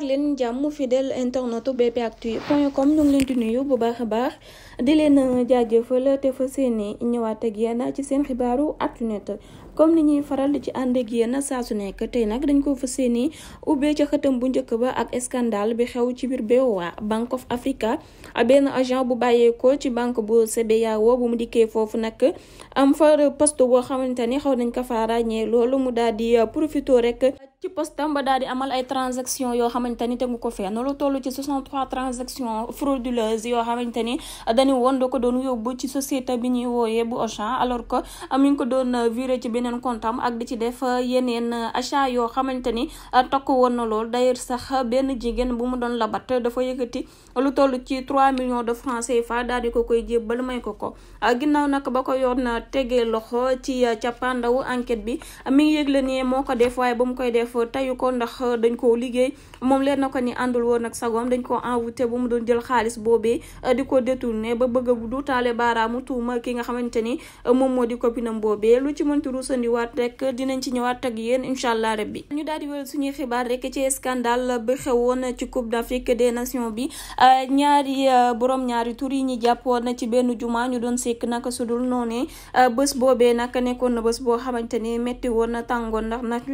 dalaat leen jàmm fidèle internetu bpactu.com ñu ngi leen di nuyu bu baax a baax di leen euh, jaajëfal te fa seeni ñëwaat ak yenn ci seen xibaaru actu net comme ni ñuy faral di ci ànd ak yéen su nekk tey nag dañ ko fa seeni ubbee ca xëtam bu njëkk ba ak scandale bi xew ci biir BOA Bank of Africa benn agent bu bàyyeekoo ci banque bu CBAO bu mu dikkee foofu nag am fa poste boo xamante ni xaw nañ ko fa ràññee loolu mu daal di euh, profité rek. ci postam ba daal di amal ay transaction yoo xamante ni tegu ko fenn lu toll ci 63 transactions frauduleuses yoo xamante ni woon da doon yóbbu ci société bi ñuy wooyee bu Auchan alors que mi ngi ko doon viré ci benn jigéen bu mu doon labat dafa yëkkati lu toll ci 3 millions de francs CFA daal di ko koy jébbal may ko ko ginnaaw nag ba ko yoon tegee loxo ci cappaandawu enquête bi mi ngi yëgle moo ko def waaye ba koy def def tayu ko ndax euh, dañ koo liggéey moom leen na ko ni àndul woon ak sagoom dañ ko envoûté bu mu doon jël xaalis boobee euh, di ko ne ba bëgg du duutaale baaraamu tuuma ki nga xamante ni euh, moom moo di copinam boobee lu ci mënti ruusandiwaat rek dinañ ci ñëwaat ak yéen incha allah rabbi ñu daal di wél suñuy xibaar rek ci scandale bi xewoon ci coupe d'Afrique des nations bi ñaari borom ñaari tur yi ñu na ci benn juma ñu doon sekk naka sudul noon bés boobee naka nekkoon na bés boo xamante ni metti na tàngoon ndax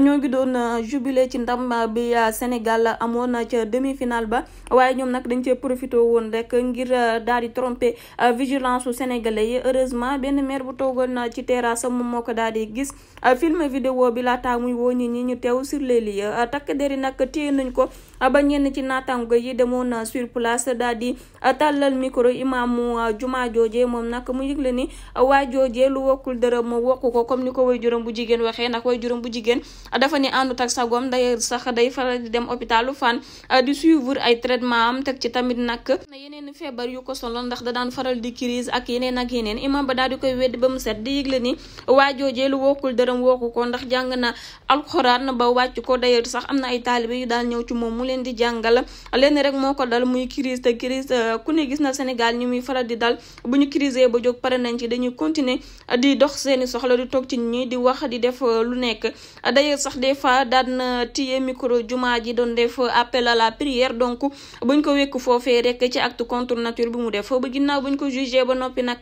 ñoo ngi doon euh, jubilé ci ndam euh, bi euh, Sénégal amoon ca demi-finale ba waaye ñoom nag dañ cee profité woon rek ngir daal di tromper vigilance su sénégalais yi heureusement benn maire bu toogoon ci terrasse moom moo ko daal di gis film vidéo bi laa laataa muy woo nit ñi ñu teew sur les lieux takk deri nag téye nañ ko. ba ñenn ci naataango yi demoon sur place daal di tàllal micro imaamu uh, juma jooje moom nag mu yëgle ni waa jooje lu wokkul mu wokku ko comme ni ko way bu jigéen waxee nag juróom bu jigéen dafa ni àndut ak sagoom day sax day faral di dem hôpitalu fan uh, di suivre ay traitement teg ci tamit nag na yeneen feebar yu ko sonal ndax da daan faral di crise ak yeneen ak yeneen imaam ba daal di koy wedd ba mu set di yëgle ni waa joojee lu wokkul dërëm wokku ko ndax jàng na alxuraan ba wàcc ko d'ailleurs sax am na ay taalibe yu daal ñëw ci moom leen di jàngal lenn rek moo ko dal muy crise te crise euh, ku ne gis na Sénégal ñu muy faral di dal bu ñu crise ba jóg pare nañ ci dañuy continuer di dox seeni soxla di toog ci ñi di wax di def euh, lu nekk d'ailleurs sax des fois daan na téye micro jumaa ji doon def appel à la prière donc buñ ko wekk foofee rekk ci acte contre nature bi mu def ba ginnaaw buñ ko jugé ba noppi nag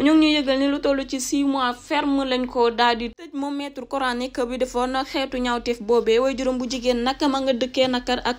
ñoo ngi yëgal ni lu toll ci six mois ferme lañ ko daal di tëj moom maître coranique bi defoon xeetu ñaawteef boobee way juróom bu jigéen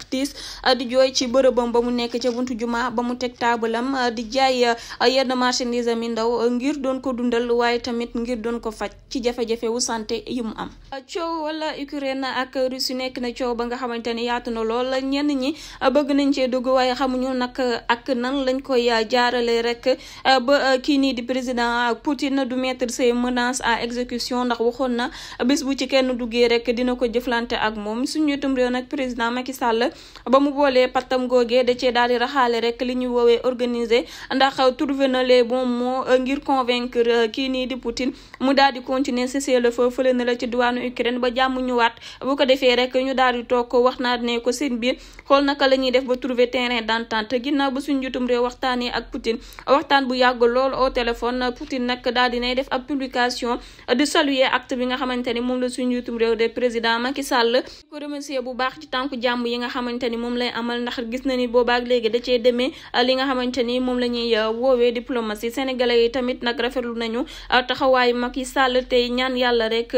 tiis euh, di jooy ci bërëbam ba mu nekk ca buntu juma ba mu teg taabalam euh, di jaay euh, yenn marchandise mi ndaw ngir doon ko dundal waaye tamit ngir doon ko faj ci jafe-jafe wu santé yi mu am. coow wala Ukraine ak Russie nekk na coow ba nga xamante ne yaatu na lool ñenn ñi bëgg nañ cee dugg waaye xamuñu nag ak nan lañ koy jaarale rek ba kii nii di président na du mettre ses menaces à exécution ndax waxoon na bis bu ci kenn duggee rek dina ko jëflante ak moom suñu itam nag président Macky Sall ba mu boolee pattam googee da cee daal di raxaale rek li ñu woowee organiser ndax trouvé na les bons mots euh, ngir convaincre euh, kii nii di Poutine mu daal di continuer cesser le feu fële na la ci diwaanu Ukraine ba jàmm ñu waat bu ko defee rek ñu daal di toog ko wax naa ne ko seen biir xool naka lañuy def ba trouver terrain d'entente ginnaaw ba suñu njutum réew waxtaanee ak Poutine waxtaan bu yàgg loolu au téléphone Poutine nag daal di nay def ab publication di saluer acte bi nga xamante ni moom la suñu njutum réew de président Macky Sall xamante ni moom lay amal ndax gis na ni boobaak léegi da cee demee ah, li nga xamante ni moom la ah, woowee diplomatie sénégalais yi tamit nag rafetlu nañu ah, taxawaayu Macky Sall tey ñaan yàlla rek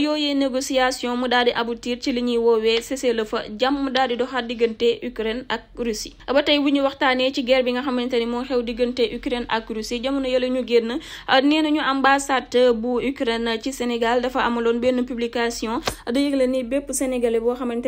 yooyee négociation mu daal di ci li ñuy woowee cessez-le-feu jàmm mu daal di doxaat diggante Ukraine ak Russie ba tey bu ñu waxtaanee ci guerre bi nga xamante ni moo xew diggante Ukraine ak Russie jamono yële ñu génn nee nañu ambassade bu Ukraine ci Sénégal dafa amaloon benn publication da yëgle ni bépp sénégalais boo xamante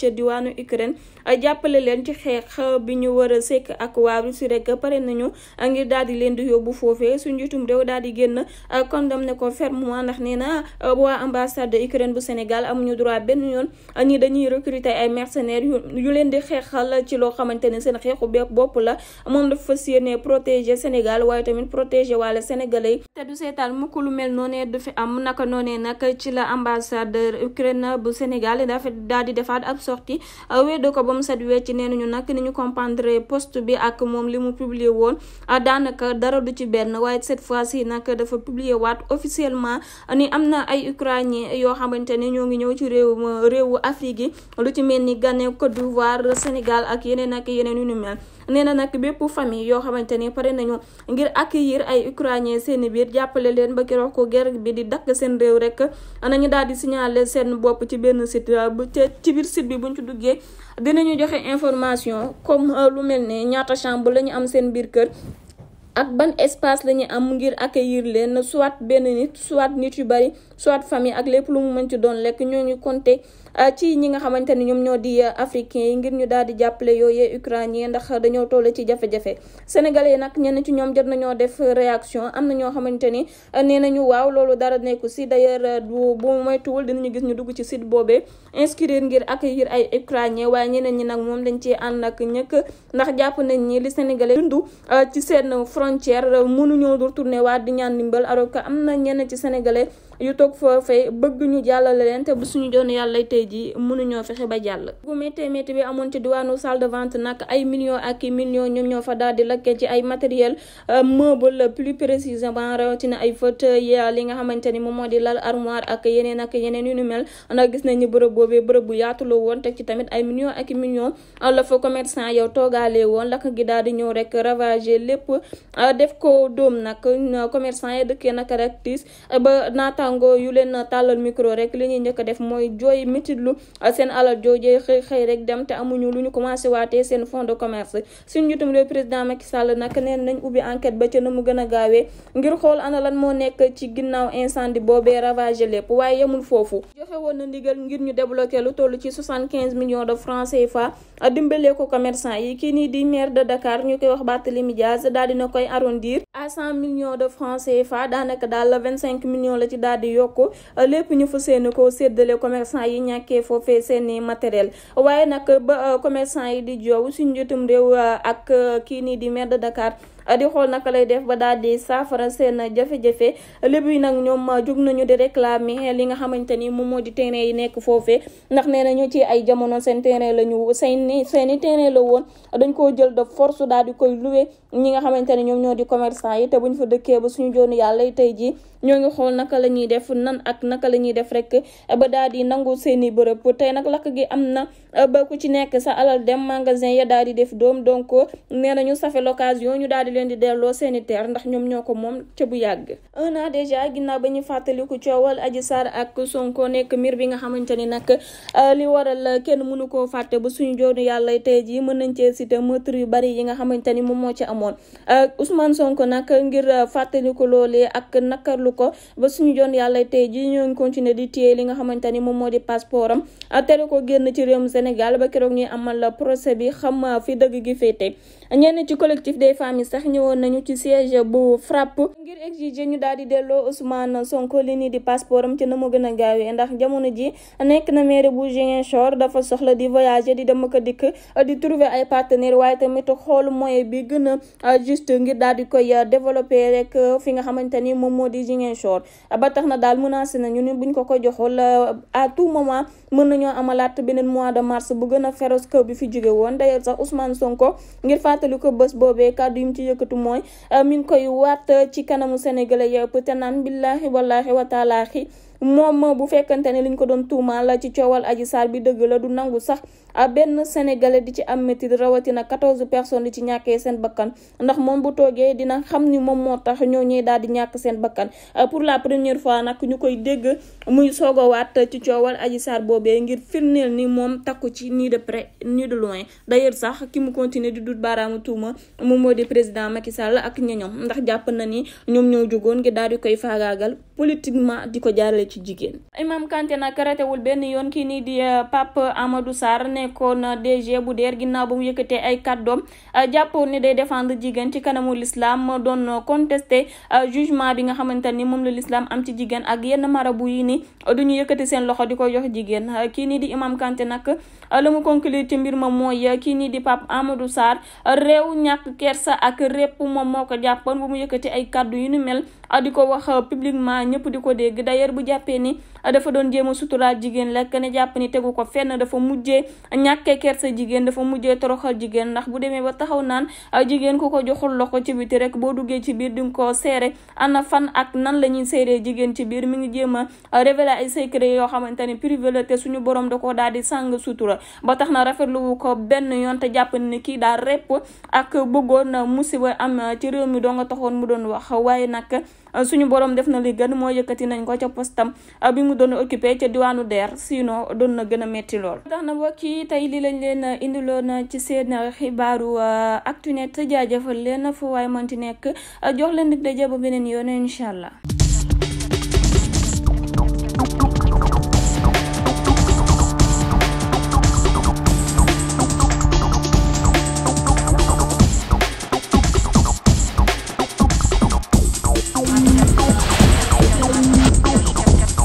ca diwaanu Ukraine jàppale leen ci xeex bi ñu war a sekk ak waa Russie rek pare nañu ngir daal di leen di yóbbu foofee su njiitum réew daal di génn ne ko fermement ndax nee na waa ambassade de Ukraine bu Sénégal amuñu droit benn yoon ñi dañuy recruter ay mercenaires yu leen di xeexal ci loo xamante ne seen xeexu bépp bopp la moom dafa fas yéene protéger Sénégal waaye tamit protéger wàlla Sénégalais yi te du seetaan lu mel noonee du fi am naka noonee nag ci la ambassade Ukraine bu Sénégal dafa defaat ab sorti euh, weddu ko ba mu set wecc nee nañu nag ni ñu comprendre post bi ak moom li mu publier woon euh, daanaka dara du ci benn waaye cet fois ci nag dafa publier waat officiellement ni am na ay ukrainien yoo xamante ne ñoo ngi ñëw ci réew réewu Afrique yi lu ci mel ni Ghana Côte d'Ivoire Sénégal ak yeneen ak yeneen yu nu mel nee na nag bépp famille yoo xamante ne pare nañu ngir accueillir ay ukrainien seeni biir jàppale leen ba keroog ko guerre bi di dakk seen réew rek nañu benn buñ ci duggee dinañu joxe information comme euh, lu mel ne ñaata chambre la ñu am seen biir kër ak ban espace la am ngir accueillir leen soit benn nit soit nit yu bari soit famille ak lépp lu mu mën ci doon lekk ñoo ngi compter Euh, ci ñi nga xamante ni ñoom ñoo di euh, africain yi ngir ñu daal di jàppale yooyee ukrainien ndax dañoo toll ci jafe-jafe yi nag ñenn ci ñoom jot nañoo def euh, réaction am na ñoo xamante ni nee nañu waaw loolu dara nekku si d'ailleurs bu bu moytuwul dinañu gis ñu dugg ci site boobee inscrire ngir accueillir ay ukrainien waaye ñeneen ñi nag moom dañ ci ànd ak ndax jàpp nañ ni li sénégalais dund ci seen frontière mënuñoo retourner waat di ñaan ndimbal alors am na ñenn ci sénégalais yu toog foofee bëgg ñu jàllale leen te bu suñu doon yàlla tey tey ji mënuñoo fexe ba jàll bu métti métti bi amoon ci diwaanu salle de vente nag ay millions ak i millions ñoom fa daal di ci ay matériel euh, meuble plus précisément rawatina ay fauteuil li nga xamante ni di lal armoire ak yeneen ak yeneen yu nu mel ndax gis nañ bërëb boobee bërëb bu yaatu woon teg ci tamit ay millions ak i millions la fa commerçant yow toogaale woon lakk gi daal ñëw rek ravager lépp euh, def ko dóom nag commerçant yi a def mettitlu seen alal joojee xëy xëy rek dem te amuñu lu ñu commencé waatee seen fonds de commerce suñ njiitum réew président Macky neen nañ ubbi enquête ba ca na mu gën a gaawee ngir xool ana moo nekk ci ginnaaw incendie boobee ravagé lépp waaye yemul foofu joxe na ndigal ngir ñu débloqué lu toll ci 75 millions de francs CFA dimbalee ko commerçant yi kii nii di maire de Dakar ñu koy wax Barthélémy Dias daal daanaka daal la 25 la ci ñàkkee foofee seeni matériel waaye nag ba euh, commerçant yi di joow suñ njiitum réew euh, ak euh, kii nii di maire de Dakar Eh, di xool naka lay def ba daal di saafara seen jafe-jafe lébu yi nag ñoom ma eh, jug nañu di réclamer li nga xamante ni moom moo di terrain yi nekk foofe ndax nee nañu ci ay jamono seen terrain la ñu seen seeni terrain la woon dañ koo jël de force daal di koy louer ñi nga xamante ni ñoom ñoo di commerçant yi te buñ fa dëkkee ba suñu joonu yàlla tey jii ñoo ngi xool naka lañuy ñuy def nan ak naka la ñuy def rek eh, ba daal di nangu seen i bërëb tey nag lakk gi am na ba ku ci nekk sa alal dem magasin ya daal di def doom donc leen di delloo seeni ndax ñoom ñoo ko moom ca bu yàgg un déjà ginnaaw ba ñu fàttaliku coowal Adji Sarr ak Sonko nekk miir bi nga xamante ni nag euh, li waral kenn mënu koo fàtte ba suñu joonu yàlla tey ji mën nañ cee cité meurtre yu bari yi nga xamante ni moom moo ci amoon euh, Ousmane Sonko nag ngir fàttaliku loolee ak nakarlu ko ba suñu joon yàlla tey jii ñoo ngi continuer di téye li nga xamante ni moom moo di passeport am euh, tere ko génn ci réewum Sénégal ba keroog ñuy amal procès bi xam fi dëgg gi féete ñenn ci collectif des familles sax ñëwoon nañu ci siège bu frappe ngir exiger ñu daal di delloo Ousmane Sonko li nii di passeport am ci na mu gën a gaawee ndax jamono ji nekk na maire bu Ziguinchor dafa soxla di voyager di dem ko dikk di trouver ay partenaire waaye tamit xool moyen bi gën a euh, juste ngir daal di koy euh, développer rek euh, fi nga xamante ni moom moo di Ziguinchor ba tax na daal menacé nañu ni buñ ko ko joxul à tout moment mën nañoo amalaat beneen mois de mars bu gën a féroce kaw bi fi jóge woon d'ailleurs sax Ousmane Sonko yëkkatu mooy mi ngi koy waat ci kanamu senegal yëpp te naan billaahi wallaahi wa moom bu fekkante ne ñu ko doon la ci coowal aji saar bi dëgg la du nangu sax benn sénégalais di ci am métit rawatina quatorze personnes di ci ñàkkee seen bakkan ndax moom bu toogee dina xam ni moom moo tax ñoo ñee daal di ñàkk seen bakkan euh, pour la première fois nag ñu koy dégg muy soog a ci coowal aji saar boobee ngir firndeel ni moom takku ci nii de près nii de loin d'ailleurs sax ki mu continuer di du baaraamu tuuma moom moo di président Macky Sall ak ñoñom ndax jàpp na ni ñoom ñoo jugoon ngir daal di koy faagaagal politiquement di ko jaarale ci jigéen Imam Kanté nag ratéwul benn yoon kii nii di euh, Pape Amadou Sarr nekkoon euh, DG bu deer ginnaaw ba mu yëkkatee ay kàddoom euh, jàppoon ni day défendre jigéen ci kanamu l'islam doon contesté jugement bi nga xamante ni moom la l'islam am ci jigéen ak yenn bu yi ni duñu yëkkati seen loxo di ko jox jigéen kii nii di Imam Kanté nag la mu conclure ci mbir ma mooy kii nii di Pape Amadou Sarr réew ñàkk kersa ak répp moom moo ko jàppoon bu mu yëkkati ay kàddu yu ni mel ñëpp di ko dégg day d'ailleurs bu jàppee ni dafa doon jéema a suturaal jigéen la kenn jàpp ni tegu ko fenn dafa mujjee ñàkkee kersa jigéen dafa mujjee toroxal jigéen ndax bu demee ba taxaw naan ah, jigéen ku ko joxul loxo ci biti rek boo duggee ci biir di nga ko seere ana fan ak nan la ñuy seeree jigéen ci biir mi ngi jéem a révéler ay secret yoo xamante ni privé la te suñu borom da ko daal di sàng sutura ba tax na rafetlu wu ko benn yoon te jàpp kii daal repp ak bëggoon musiba am ci réew mi doo nga mu doon wax waaye nag Euh, suñu borom def na li gën moo yëkkati nañ ko ca postam euh, bi mu doon occupé ca diwaanu der sinoo doon na gën a metti lool tax na mbokk yi tey li lañ leen euh, indiloon ci seen xibaaru ak Actunet jaajëfal leen fu waay mënti nekk jox leen dig daje ba beneen yoon incha allah